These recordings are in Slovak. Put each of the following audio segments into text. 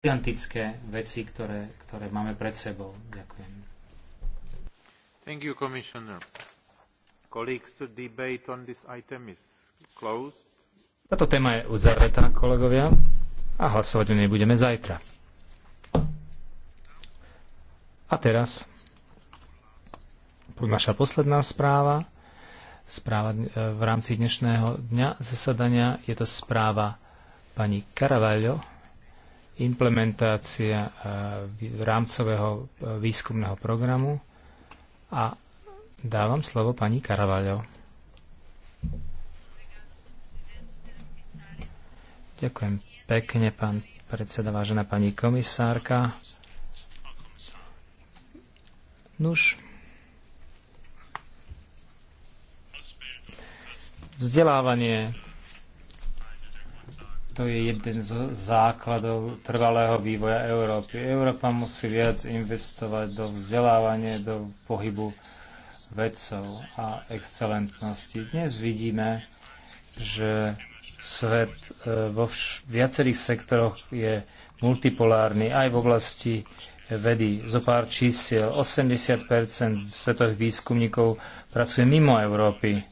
gigantické veci, ktoré, ktoré máme pred sebou. Ďakujem. Thank you, Commissioner. Colleagues, the debate on this item is closed. Táto téma je uzavretá, kolegovia, a hlasovať o nej budeme zajtra. A teraz naša posledná správa, správa e, v rámci dnešného dňa zasadania, je to správa pani Caravaglio, implementácia e, rámcového e, výskumného programu a dávam slovo pani Karavaľo. Ďakujem pekne, pán predseda, vážená pani komisárka. Nuž, vzdelávanie to je jeden z základov trvalého vývoja Európy. Európa musí viac investovať do vzdelávania, do pohybu vedcov a excelentnosti. Dnes vidíme, že svet e, vo viacerých sektoroch je multipolárny aj v oblasti vedy. Zo pár čísiel 80 svetových výskumníkov pracuje mimo Európy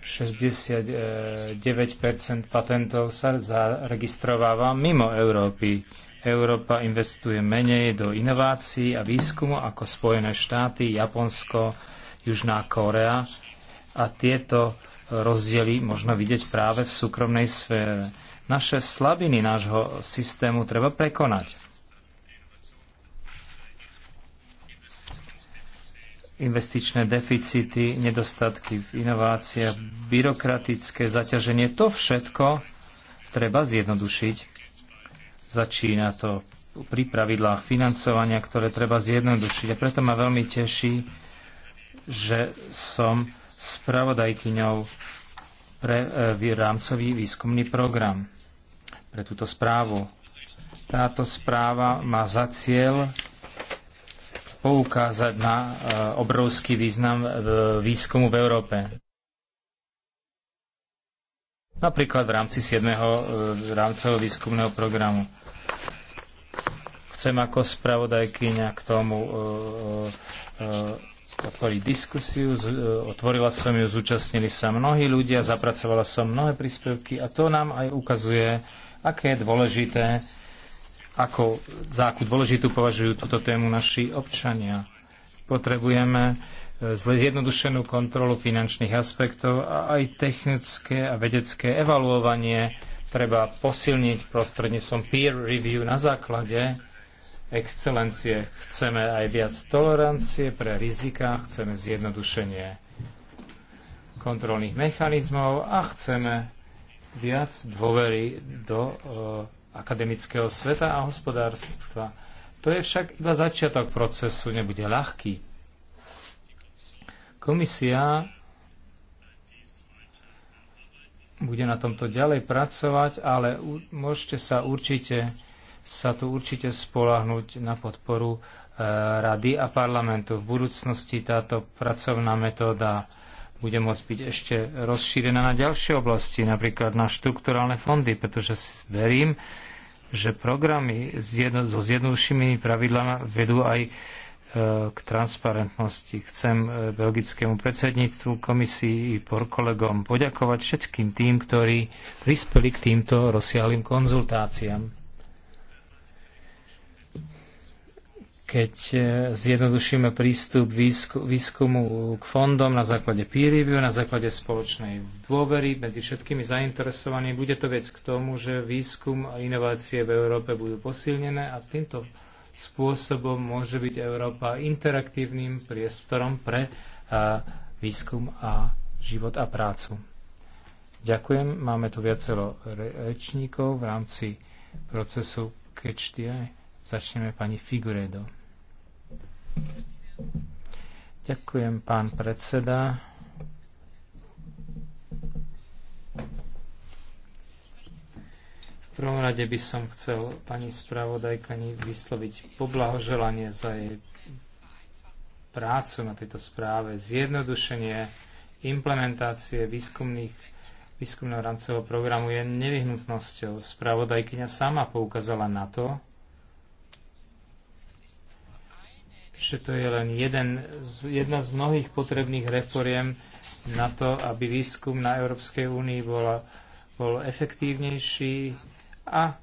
69 patentov sa zaregistrováva mimo Európy. Európa investuje menej do inovácií a výskumu ako Spojené štáty, Japonsko, Južná Korea a tieto rozdiely možno vidieť práve v súkromnej sfére. Naše slabiny nášho systému treba prekonať investičné deficity, nedostatky v inováciách, byrokratické zaťaženie, to všetko treba zjednodušiť. Začína to pri pravidlách financovania, ktoré treba zjednodušiť. A preto ma veľmi teší, že som spravodajkyňou pre e, rámcový výskumný program, pre túto správu. Táto správa má za cieľ poukázať na e, obrovský význam e, výskumu v Európe. Napríklad v rámci 7. E, rámcového výskumného programu. Chcem ako spravodajkyňa k tomu otvoriť diskusiu. Otvorila som ju, zúčastnili sa mnohí ľudia, zapracovala som mnohé príspevky a to nám aj ukazuje, aké je dôležité ako za akú dôležitú považujú túto tému naši občania. Potrebujeme e, zjednodušenú kontrolu finančných aspektov a aj technické a vedecké evaluovanie treba posilniť prostredníctvom peer review na základe excelencie. Chceme aj viac tolerancie pre riziká, chceme zjednodušenie kontrolných mechanizmov a chceme viac dôvery do e, akademického sveta a hospodárstva. To je však iba začiatok procesu, nebude ľahký. Komisia bude na tomto ďalej pracovať, ale môžete sa určite sa tu určite spolahnuť na podporu e, Rady a parlamentu. V budúcnosti táto pracovná metóda bude môcť byť ešte rozšírená na ďalšie oblasti, napríklad na štrukturálne fondy, pretože verím, že programy so zjednodušenými pravidlami vedú aj e, k transparentnosti. Chcem e, belgickému predsedníctvu, komisii i por kolegom poďakovať všetkým tým, ktorí prispeli k týmto rozsiahlým konzultáciám. keď e, zjednodušíme prístup výskumu k fondom na základe peer review, na základe spoločnej dôvery medzi všetkými zainteresovanými, bude to vec k tomu, že výskum a inovácie v Európe budú posilnené a týmto spôsobom môže byť Európa interaktívnym priestorom pre e, výskum a život a prácu. Ďakujem. Máme tu viacero rečníkov v rámci procesu Catch the Eye. Začneme pani Figuredo. Ďakujem, pán predseda. V prvom rade by som chcel pani spravodajkani vysloviť poblahoželanie za jej prácu na tejto správe, zjednodušenie implementácie výskumných výskumného rámcového programu je nevyhnutnosťou. Spravodajkyňa sama poukázala na to, že to je len jeden, jedna z mnohých potrebných reforiem na to, aby výskum na Európskej únii bola, bol efektívnejší a e,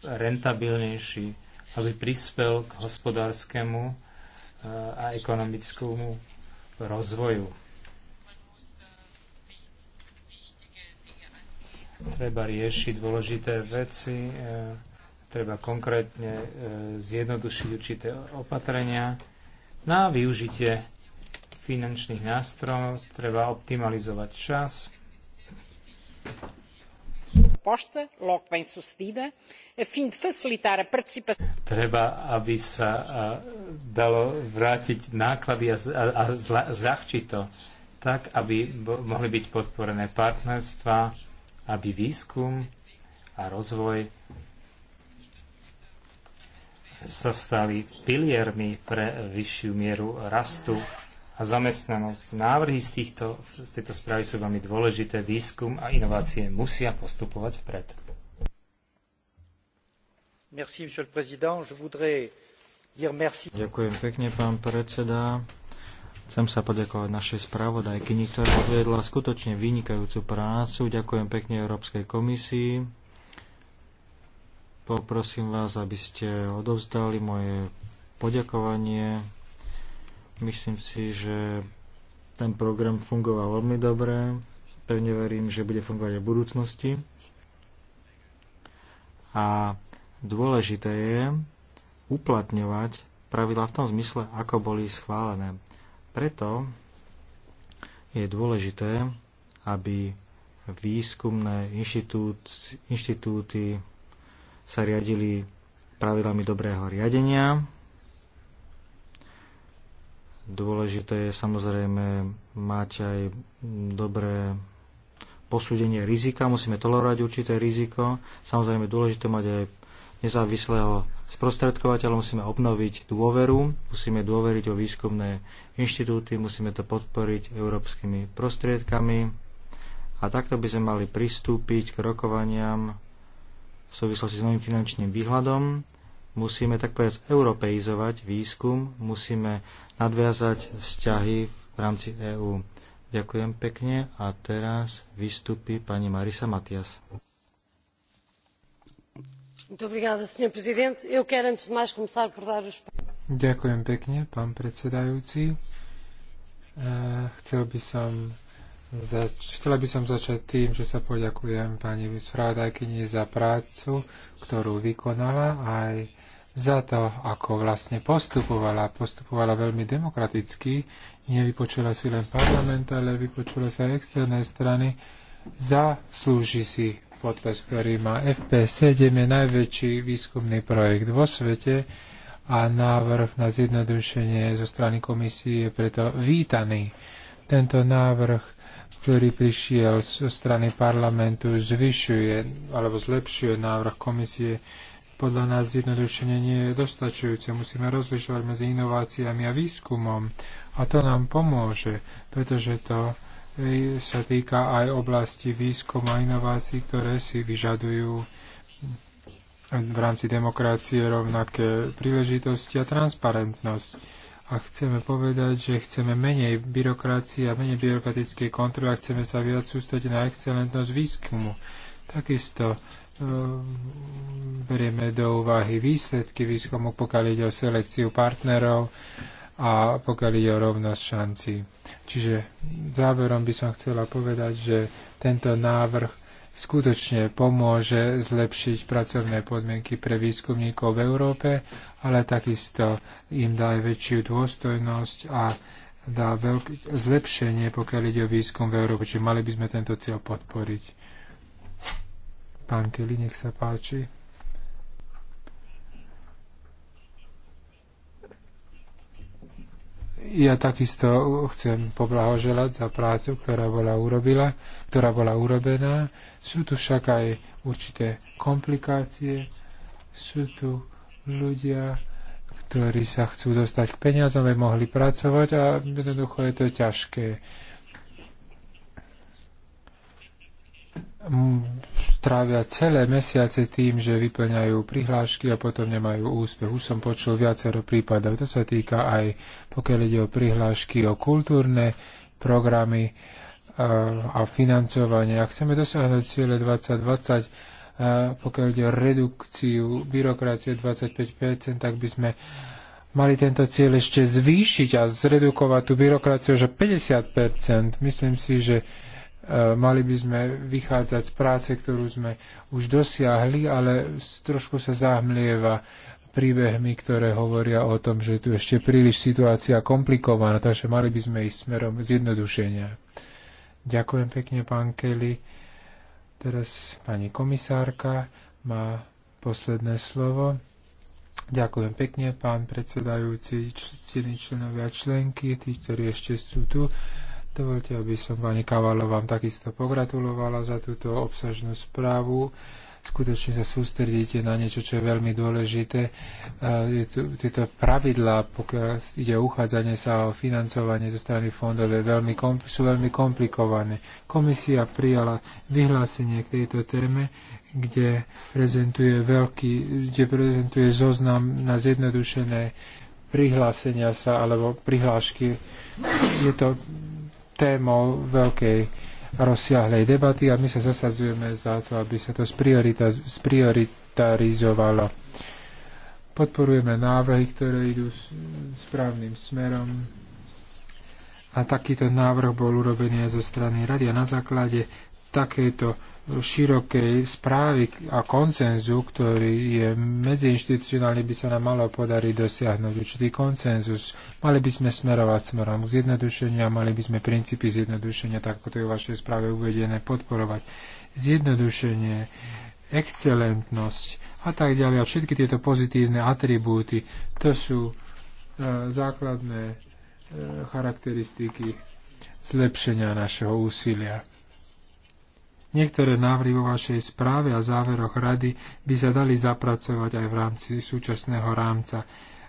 rentabilnejší, aby prispel k hospodárskému e, a ekonomickému rozvoju. Treba riešiť dôležité veci. E, treba konkrétne e, zjednodušiť určité opatrenia. Na využitie finančných nástrojov treba optimalizovať čas. E, treba, aby sa e, dalo vrátiť náklady a, a zľahčiť to tak, aby mohli byť podporené partnerstva, aby výskum a rozvoj sa stali piliermi pre vyššiu mieru rastu a zamestnanosť. Návrhy z, týchto, z tejto správy sú veľmi dôležité. Výskum a inovácie musia postupovať vpred. Merci, monsieur le président. Je voudrais dire merci. Ďakujem pekne, pán predseda. Chcem sa poďakovať našej spravodajkyni, ktorá odvedla skutočne vynikajúcu prácu. Ďakujem pekne Európskej komisii Poprosím vás, aby ste odovzdali moje poďakovanie. Myslím si, že ten program fungoval veľmi dobre. Pevne verím, že bude fungovať aj v budúcnosti. A dôležité je uplatňovať pravidla v tom zmysle, ako boli schválené. Preto je dôležité, aby výskumné inštitút, inštitúty, sa riadili pravidlami dobrého riadenia. Dôležité je samozrejme mať aj dobré posúdenie rizika, musíme tolerovať určité riziko. Samozrejme dôležité mať aj nezávislého sprostredkovateľa, musíme obnoviť dôveru, musíme dôveriť o výskumné inštitúty, musíme to podporiť európskymi prostriedkami a takto by sme mali pristúpiť k rokovaniam v súvislosti s novým finančným výhľadom. Musíme tak povedať europeizovať výskum, musíme nadviazať vzťahy v rámci EÚ. Ďakujem pekne a teraz vystúpi pani Marisa Matias. Ďakujem pekne, pán predsedajúci. Eh, chcel by som Zač- chcela by som začať tým, že sa poďakujem pani Vysvrádajkyni za prácu, ktorú vykonala aj za to, ako vlastne postupovala. Postupovala veľmi demokraticky, nevypočula si len parlament, ale vypočula sa aj externé strany. Zaslúži si potlesk, ktorý má FP7, je najväčší výskumný projekt vo svete a návrh na zjednodušenie zo strany komisie je preto vítaný. Tento návrh ktorý prišiel zo strany parlamentu, zvyšuje alebo zlepšuje návrh komisie, podľa nás zjednodušenie nie je dostačujúce. Musíme rozlišovať medzi inováciami a výskumom. A to nám pomôže, pretože to e, sa týka aj oblasti výskumu a inovácií, ktoré si vyžadujú v rámci demokracie rovnaké príležitosti a transparentnosť a chceme povedať, že chceme menej byrokracie a menej byrokratickej kontroly a chceme sa viac sústrediť na excelentnosť výskumu. Takisto e, berieme do úvahy výsledky výskumu, pokiaľ ide o selekciu partnerov a pokiaľ ide o rovnosť šanci. Čiže záverom by som chcela povedať, že tento návrh skutočne pomôže zlepšiť pracovné podmienky pre výskumníkov v Európe, ale takisto im dá aj väčšiu dôstojnosť a dá veľké zlepšenie, pokiaľ ide o výskum v Európe. Čiže mali by sme tento cieľ podporiť. Pán Kelly, nech sa páči. ja takisto chcem poblahoželať za prácu, ktorá bola, urobila, ktorá bola urobená. Sú tu však aj určité komplikácie. Sú tu ľudia, ktorí sa chcú dostať k peniazom, aby mohli pracovať a jednoducho je to ťažké mm, strávia celé mesiace tým, že vyplňajú prihlášky a potom nemajú úspech. Už som počul viacero prípadov. To sa týka aj, pokiaľ ide o prihlášky o kultúrne programy e, a financovanie. Ak chceme dosiahnuť cieľe 2020, e, pokiaľ ide o redukciu byrokracie 25%, tak by sme mali tento cieľ ešte zvýšiť a zredukovať tú byrokraciu že 50%. Myslím si, že Eh, mali by sme vychádzať z práce, ktorú sme už dosiahli, ale trošku sa zahmlieva príbehmi, ktoré hovoria o tom, že je tu ešte príliš situácia komplikovaná, takže mali by sme ísť smerom zjednodušenia. Ďakujem pekne, pán Kelly. Teraz pani komisárka má posledné slovo. Ďakujem pekne, pán predsedajúci, ctení členovia členky, tí, ktorí ešte sú tu. Dovolte, aby som pani Kavalo vám takisto pogratulovala za túto obsažnú správu skutočne sa sústredíte na niečo, čo je veľmi dôležité. E, je tu, tieto pravidlá, pokiaľ ide o uchádzanie sa o financovanie zo strany fondov, je veľmi komp- sú veľmi komplikované. Komisia prijala vyhlásenie k tejto téme, kde prezentuje, veľký, kde prezentuje zoznam na zjednodušené prihlásenia sa alebo prihlášky. Je to témou veľkej rozsiahlej debaty a my sa zasadzujeme za to, aby sa to sprioritarizovalo. Podporujeme návrhy, ktoré idú správnym smerom a takýto návrh bol urobený aj zo strany rady a na základe takéto širokej správy a koncenzu, ktorý je medziinstitucionálny, by sa nám malo podariť dosiahnuť určitý koncenzus. Mali by sme smerovať smerom k zjednodušenia, mali by sme princípy zjednodušenia, tak ako to je v vašej správe uvedené, podporovať. Zjednodušenie, excelentnosť a tak ďalej. A všetky tieto pozitívne atribúty, to sú e, základné e, charakteristiky zlepšenia našeho úsilia. Niektoré návrhy vo vašej správe a záveroch rady by sa dali zapracovať aj v rámci súčasného rámca.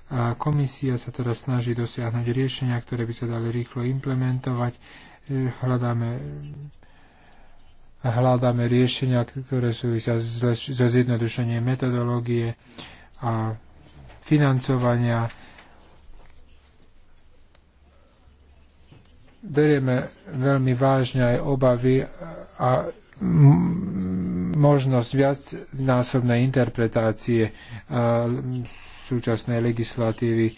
A komisia sa teda snaží dosiahnuť riešenia, ktoré by sa dali rýchlo implementovať. E, hľadáme hľadáme riešenia, ktoré súvisia so zjednodušením metodológie a financovania. Berieme veľmi vážne aj obavy a možnosť viacnásobnej interpretácie súčasnej legislatívy,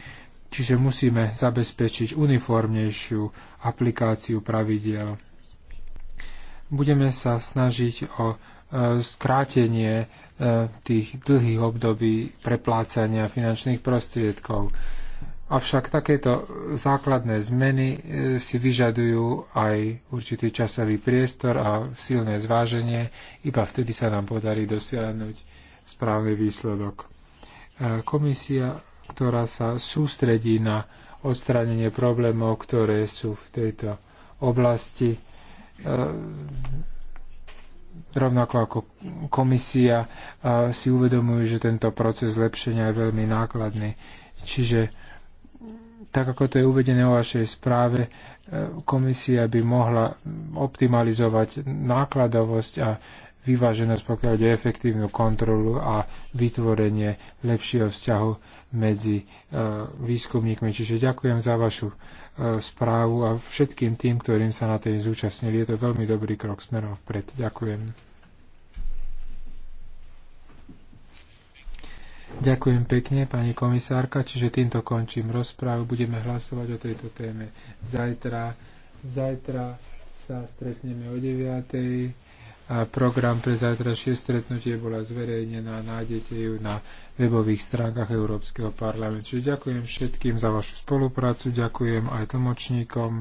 čiže musíme zabezpečiť uniformnejšiu aplikáciu pravidiel. Budeme sa snažiť o e, skrátenie e, tých dlhých období preplácania finančných prostriedkov. Avšak takéto základné zmeny e, si vyžadujú aj určitý časový priestor a silné zváženie. Iba vtedy sa nám podarí dosiahnuť správny výsledok. E, komisia, ktorá sa sústredí na odstránenie problémov, ktoré sú v tejto oblasti, e, rovnako ako komisia si uvedomujú, že tento proces zlepšenia je veľmi nákladný. Čiže tak ako to je uvedené o vašej správe, e, komisia by mohla optimalizovať nákladovosť a vyváženosť, pokiaľ ide efektívnu kontrolu a vytvorenie lepšieho vzťahu medzi e, výskumníkmi. Čiže ďakujem za vašu e, správu a všetkým tým, ktorým sa na tej zúčastnili. Je to veľmi dobrý krok smerom vpred. Ďakujem. Ďakujem pekne, pani komisárka. Čiže týmto končím rozprávu. Budeme hlasovať o tejto téme zajtra. Zajtra sa stretneme o 9. A program pre zajtrajšie stretnutie bola zverejnená. Nájdete ju na webových stránkach Európskeho parlamentu. Čiže Ďakujem všetkým za vašu spoluprácu. Ďakujem aj tlmočníkom.